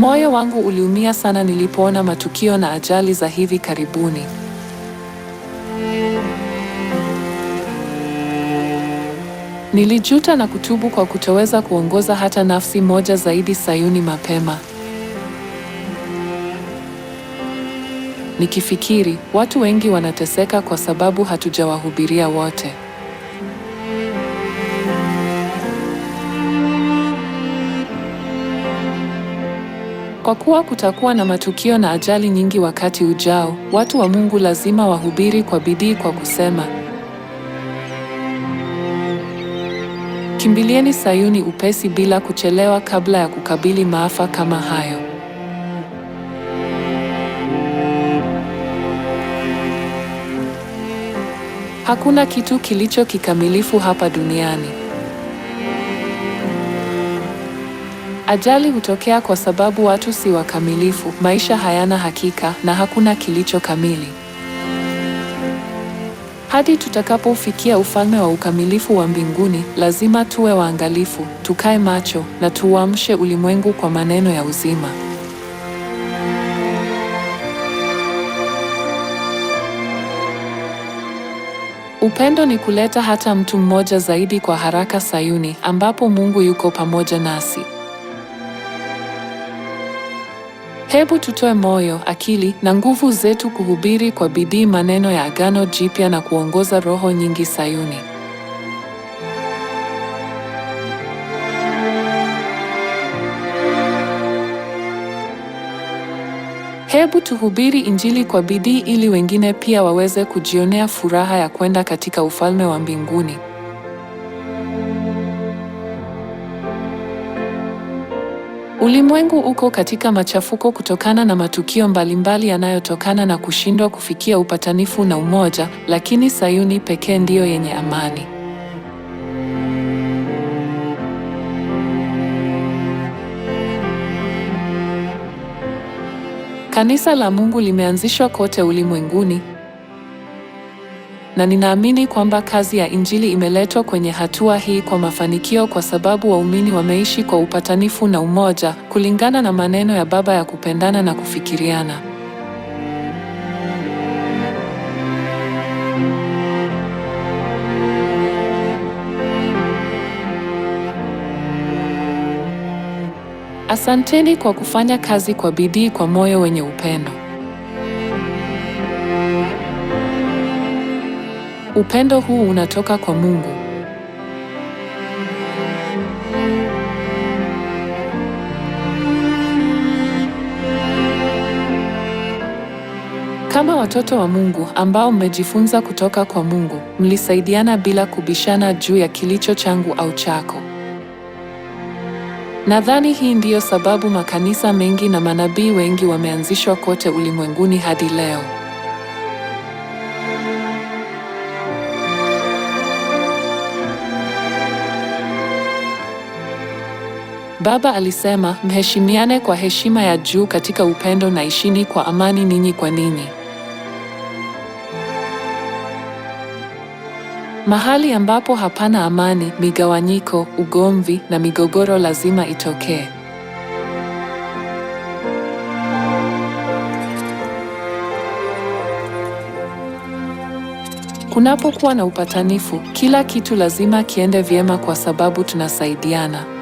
Moyo wangu uliumia sana nilipoona matukio na ajali za hivi karibuni. Nilijuta na kutubu kwa kutoweza kuongoza hata nafsi moja zaidi Sayuni mapema. Nikifikiri, watu wengi wanateseka kwa sababu hatujawahubiria wote. Kwa kuwa kutakuwa na matukio na ajali nyingi wakati ujao, watu wa Mungu lazima wahubiri kwa bidii kwa kusema, Kimbilieni Sayuni upesi bila kuchelewa kabla ya kukabili maafa kama hayo. Hakuna kitu kilicho kikamilifu hapa duniani. Ajali hutokea kwa sababu watu si wakamilifu, maisha hayana hakika na hakuna kilicho kamili. Hadi tutakapofikia ufalme wa ukamilifu wa mbinguni, lazima tuwe waangalifu, tukae macho na tuuamshe ulimwengu kwa maneno ya uzima. Upendo ni kuleta hata mtu mmoja zaidi kwa haraka Sayuni, ambapo Mungu yuko pamoja nasi. Hebu tutoe moyo, akili na nguvu zetu kuhubiri kwa bidii maneno ya Agano Jipya na kuongoza roho nyingi Sayuni. Hebu tuhubiri Injili kwa bidii ili wengine pia waweze kujionea furaha ya kwenda katika ufalme wa mbinguni. Ulimwengu uko katika machafuko kutokana na matukio mbalimbali yanayotokana na kushindwa kufikia upatanifu na umoja, lakini Sayuni pekee ndiyo yenye amani. Kanisa la Mungu limeanzishwa kote ulimwenguni na ninaamini kwamba kazi ya Injili imeletwa kwenye hatua hii kwa mafanikio kwa sababu waumini wameishi kwa upatanifu na umoja kulingana na maneno ya Baba ya kupendana na kufikiriana. Asanteni kwa kufanya kazi kwa bidii kwa moyo wenye upendo. Upendo huu unatoka kwa Mungu. Kama watoto wa Mungu ambao mmejifunza kutoka kwa Mungu, mlisaidiana bila kubishana juu ya kilicho changu au chako. Nadhani hii ndiyo sababu makanisa mengi na manabii wengi wameanzishwa kote ulimwenguni hadi leo. Baba alisema, mheshimiane kwa heshima ya juu katika upendo na ishini kwa amani ninyi kwa ninyi. Mahali ambapo hapana amani, migawanyiko, ugomvi na migogoro lazima itokee. Kunapokuwa na upatanifu, kila kitu lazima kiende vyema kwa sababu tunasaidiana.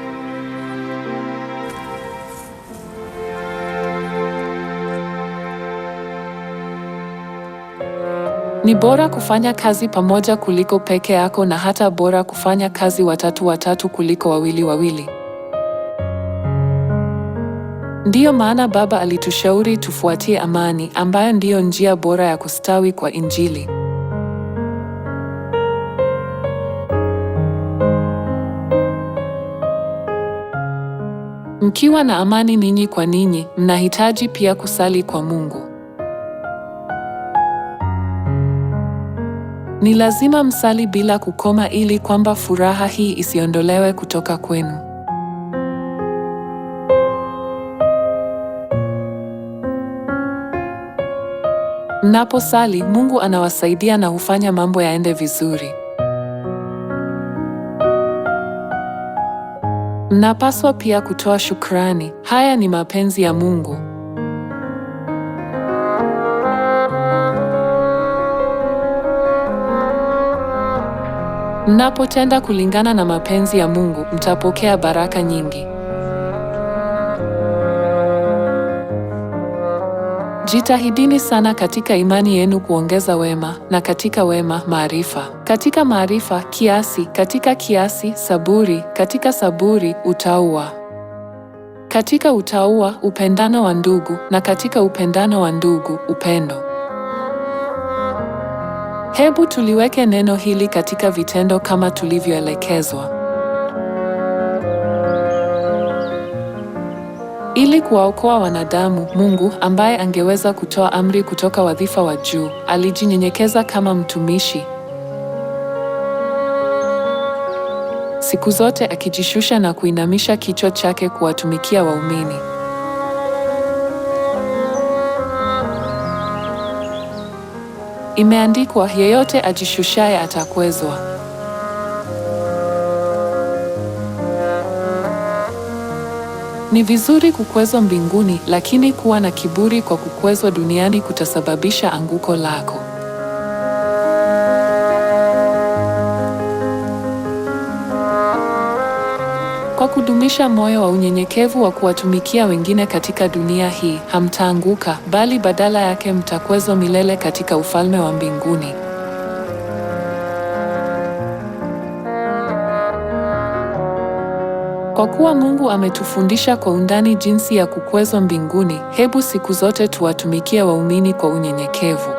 Ni bora kufanya kazi pamoja kuliko peke yako na hata bora kufanya kazi watatu watatu kuliko wawili wawili. Ndiyo maana Baba alitushauri tufuatie amani ambayo ndiyo njia bora ya kustawi kwa Injili. Mkiwa na amani ninyi kwa ninyi, mnahitaji pia kusali kwa Mungu. Ni lazima msali bila kukoma ili kwamba furaha hii isiondolewe kutoka kwenu. Mnaposali, Mungu anawasaidia na hufanya mambo yaende vizuri. Mnapaswa pia kutoa shukrani. Haya ni mapenzi ya Mungu. Mnapotenda kulingana na mapenzi ya Mungu, mtapokea baraka nyingi. Jitahidini sana katika imani yenu kuongeza wema, na katika wema maarifa, katika maarifa kiasi, katika kiasi saburi, katika saburi utauwa, katika utauwa upendano wa ndugu, na katika upendano wa ndugu upendo. Hebu tuliweke neno hili katika vitendo kama tulivyoelekezwa, ili kuwaokoa wanadamu. Mungu ambaye angeweza kutoa amri kutoka wadhifa wa juu alijinyenyekeza kama mtumishi, siku zote akijishusha na kuinamisha kichwa chake kuwatumikia waumini. Imeandikwa, yeyote ajishushaye atakwezwa. Ni vizuri kukwezwa mbinguni, lakini kuwa na kiburi kwa kukwezwa duniani kutasababisha anguko lako. kudumisha moyo wa unyenyekevu wa kuwatumikia wengine katika dunia hii, hamtaanguka, bali badala yake mtakwezwa milele katika ufalme wa mbinguni. Kwa kuwa Mungu ametufundisha kwa undani jinsi ya kukwezwa mbinguni, hebu siku zote tuwatumikie waumini kwa unyenyekevu.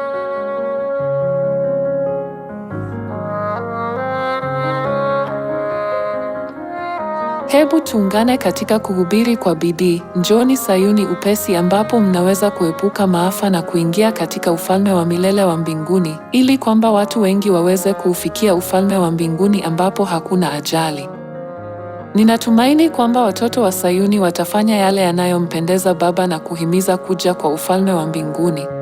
Hebu tuungane katika kuhubiri kwa bidii. njoni Sayuni upesi, ambapo mnaweza kuepuka maafa na kuingia katika ufalme wa milele wa mbinguni, ili kwamba watu wengi waweze kuufikia ufalme wa mbinguni ambapo hakuna ajali. Ninatumaini kwamba watoto wa Sayuni watafanya yale yanayompendeza Baba na kuhimiza kuja kwa ufalme wa mbinguni.